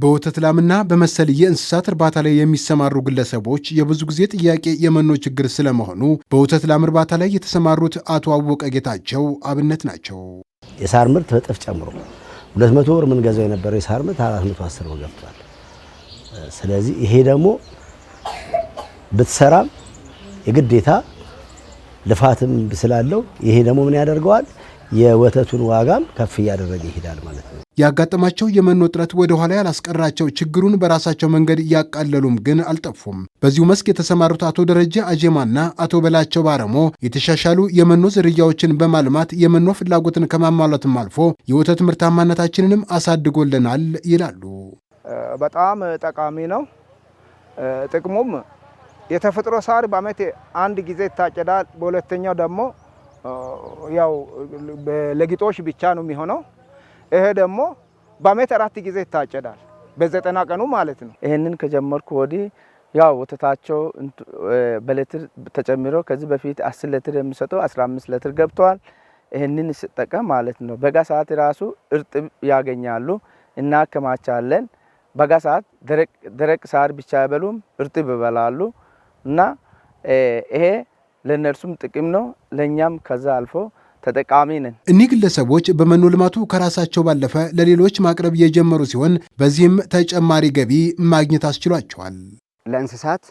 በወተት ላምና በመሰል የእንስሳት እርባታ ላይ የሚሰማሩ ግለሰቦች የብዙ ጊዜ ጥያቄ የመኖ ችግር ስለመሆኑ በወተት ላም እርባታ ላይ የተሰማሩት አቶ አወቀ ጌታቸው አብነት ናቸው። የሳር ምርት በጥፍ ጨምሮ 200 ብር የምንገዛው የነበረው የሳር ምርት 410 ብር ገብቷል። ስለዚህ ይሄ ደግሞ ብትሰራም የግዴታ ልፋትም ስላለው ይሄ ደግሞ ምን ያደርገዋል የወተቱን ዋጋም ከፍ እያደረገ ይሄዳል ማለት ነው። ያጋጠማቸው የመኖ እጥረት ወደ ኋላ ያላስቀራቸው ችግሩን በራሳቸው መንገድ እያቃለሉም ግን አልጠፉም። በዚሁ መስክ የተሰማሩት አቶ ደረጀ አጀማና አቶ በላቸው ባረሞ የተሻሻሉ የመኖ ዝርያዎችን በማልማት የመኖ ፍላጎትን ከማሟላትም አልፎ የወተት ምርታማነታችንንም አሳድጎልናል ይላሉ። በጣም ጠቃሚ ነው። ጥቅሙም የተፈጥሮ ሳር በአመት አንድ ጊዜ ይታጨዳል። በሁለተኛው ደግሞ ያው ለግጦሽ ብቻ ነው የሚሆነው። ይሄ ደግሞ በአመት አራት ጊዜ ይታጨዳል፣ በዘጠና ቀኑ ማለት ነው። ይህንን ከጀመርኩ ወዲህ ያው ወተታቸው በሌትር ተጨምሮ ከዚህ በፊት አስር ሌትር የሚሰጠው አስራ አምስት ሌትር ገብተዋል። ይህንን ስጠቀም ማለት ነው በጋ ሰዓት ራሱ እርጥብ ያገኛሉ፣ እናከማቻለን። በጋ ሰዓት ደረቅ ሳር ብቻ አይበሉም፣ እርጥብ ይበላሉ እና ይሄ ለእነርሱም ጥቅም ነው፣ ለእኛም ከዛ አልፎ ተጠቃሚ ነን። እኒህ ግለሰቦች በመኖ ልማቱ ከራሳቸው ባለፈ ለሌሎች ማቅረብ የጀመሩ ሲሆን በዚህም ተጨማሪ ገቢ ማግኘት አስችሏቸዋል። ለእንስሳት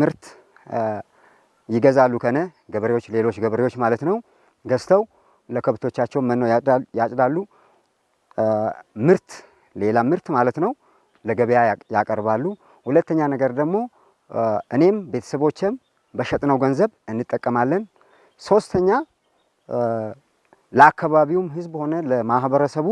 ምርት ይገዛሉ ከነ ገበሬዎች፣ ሌሎች ገበሬዎች ማለት ነው። ገዝተው ለከብቶቻቸው መኖ ያጭዳሉ። ምርት ሌላ ምርት ማለት ነው ለገበያ ያቀርባሉ። ሁለተኛ ነገር ደግሞ እኔም ቤተሰቦችም በሸጥነው ገንዘብ እንጠቀማለን። ሶስተኛ ለአካባቢውም ህዝብ ሆነ ለማህበረሰቡ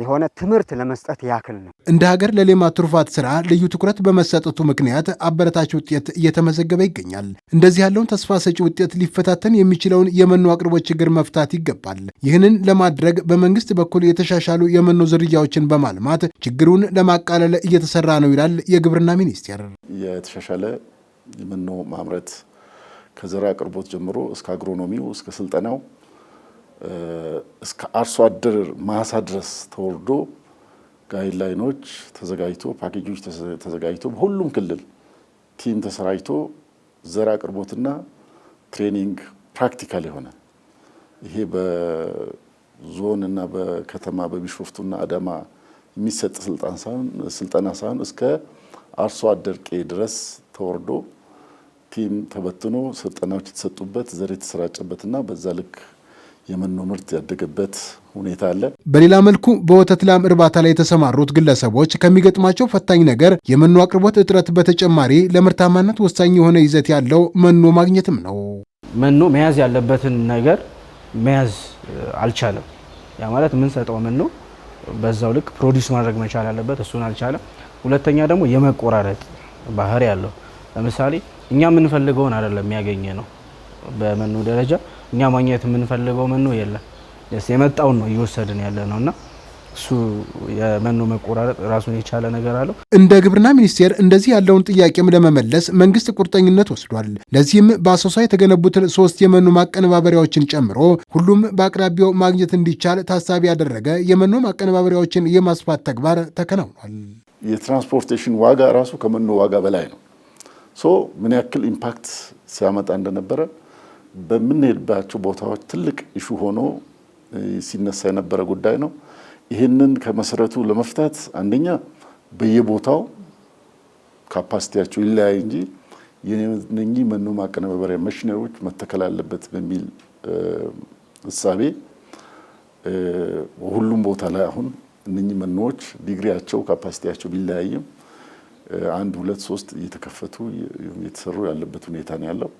የሆነ ትምህርት ለመስጠት ያክል ነው። እንደ ሀገር ለሌማት ትሩፋት ስራ ልዩ ትኩረት በመሰጠቱ ምክንያት አበረታች ውጤት እየተመዘገበ ይገኛል። እንደዚህ ያለውን ተስፋ ሰጪ ውጤት ሊፈታተን የሚችለውን የመኖ አቅርቦት ችግር መፍታት ይገባል። ይህንን ለማድረግ በመንግስት በኩል የተሻሻሉ የመኖ ዝርያዎችን በማልማት ችግሩን ለማቃለል እየተሰራ ነው ይላል የግብርና ሚኒስቴር። የተሻሻለ መኖ ማምረት ከዘራ አቅርቦት ጀምሮ እስከ አግሮኖሚው እስከ ስልጠናው እስከ አርሶ አደር ማሳ ድረስ ተወርዶ ጋይድላይኖች ተዘጋጅቶ ፓኬጆች ተዘጋጅቶ በሁሉም ክልል ቲም ተሰራጅቶ ዘር አቅርቦትና ትሬኒንግ ፕራክቲካል የሆነ ይሄ በዞን እና በከተማ በቢሾፍቱና አዳማ የሚሰጥ ስልጠና ሳይሆን እስከ አርሶ አደር ቄ ድረስ ተወርዶ ቲም ተበትኖ ስልጠናዎች የተሰጡበት ዘር የተሰራጨበትና በዛ ልክ የመኖ ምርት ያደገበት ሁኔታ አለ። በሌላ መልኩ በወተት ላም እርባታ ላይ የተሰማሩት ግለሰቦች ከሚገጥማቸው ፈታኝ ነገር የመኖ አቅርቦት እጥረት በተጨማሪ ለምርታማነት ወሳኝ የሆነ ይዘት ያለው መኖ ማግኘትም ነው። መኖ መያዝ ያለበትን ነገር መያዝ አልቻለም። ያ ማለት የምንሰጠው መኖ በዛው ልክ ፕሮዲስ ማድረግ መቻል ያለበት እሱን አልቻለም። ሁለተኛ ደግሞ የመቆራረጥ ባህሪ ያለው ለምሳሌ እኛ የምንፈልገውን አይደለም ያገኘ ነው። በመኖ ደረጃ እኛ ማግኘት የምንፈልገው መኖ የለም። የመጣውን ነው እየወሰድን ያለ ነው እና እሱ የመኖ መቆራረጥ ራሱን የቻለ ነገር አለው። እንደ ግብርና ሚኒስቴር እንደዚህ ያለውን ጥያቄም ለመመለስ መንግስት ቁርጠኝነት ወስዷል። ለዚህም በአሶሳ የተገነቡትን ሶስት የመኖ ማቀነባበሪያዎችን ጨምሮ ሁሉም በአቅራቢያው ማግኘት እንዲቻል ታሳቢ ያደረገ የመኖ ማቀነባበሪያዎችን የማስፋት ተግባር ተከናውኗል። የትራንስፖርቴሽን ዋጋ ራሱ ከመኖ ዋጋ በላይ ነው። ሶ ምን ያክል ኢምፓክት ሲያመጣ እንደነበረ በምንሄድባቸው ቦታዎች ትልቅ ኢሹ ሆኖ ሲነሳ የነበረ ጉዳይ ነው። ይህንን ከመሰረቱ ለመፍታት አንደኛ በየቦታው ካፓሲቲያቸው ይለያይ እንጂ የነኚህ መኖ ማቀነባበሪያ መሽነሪዎች መተከል አለበት በሚል እሳቤ ሁሉም ቦታ ላይ አሁን እነኚህ መኖዎች ዲግሪያቸው ካፓሲቲያቸው ቢለያይም አንድ ሁለት ሶስት እየተከፈቱ የተሰሩ ያለበት ሁኔታ ነው ያለው።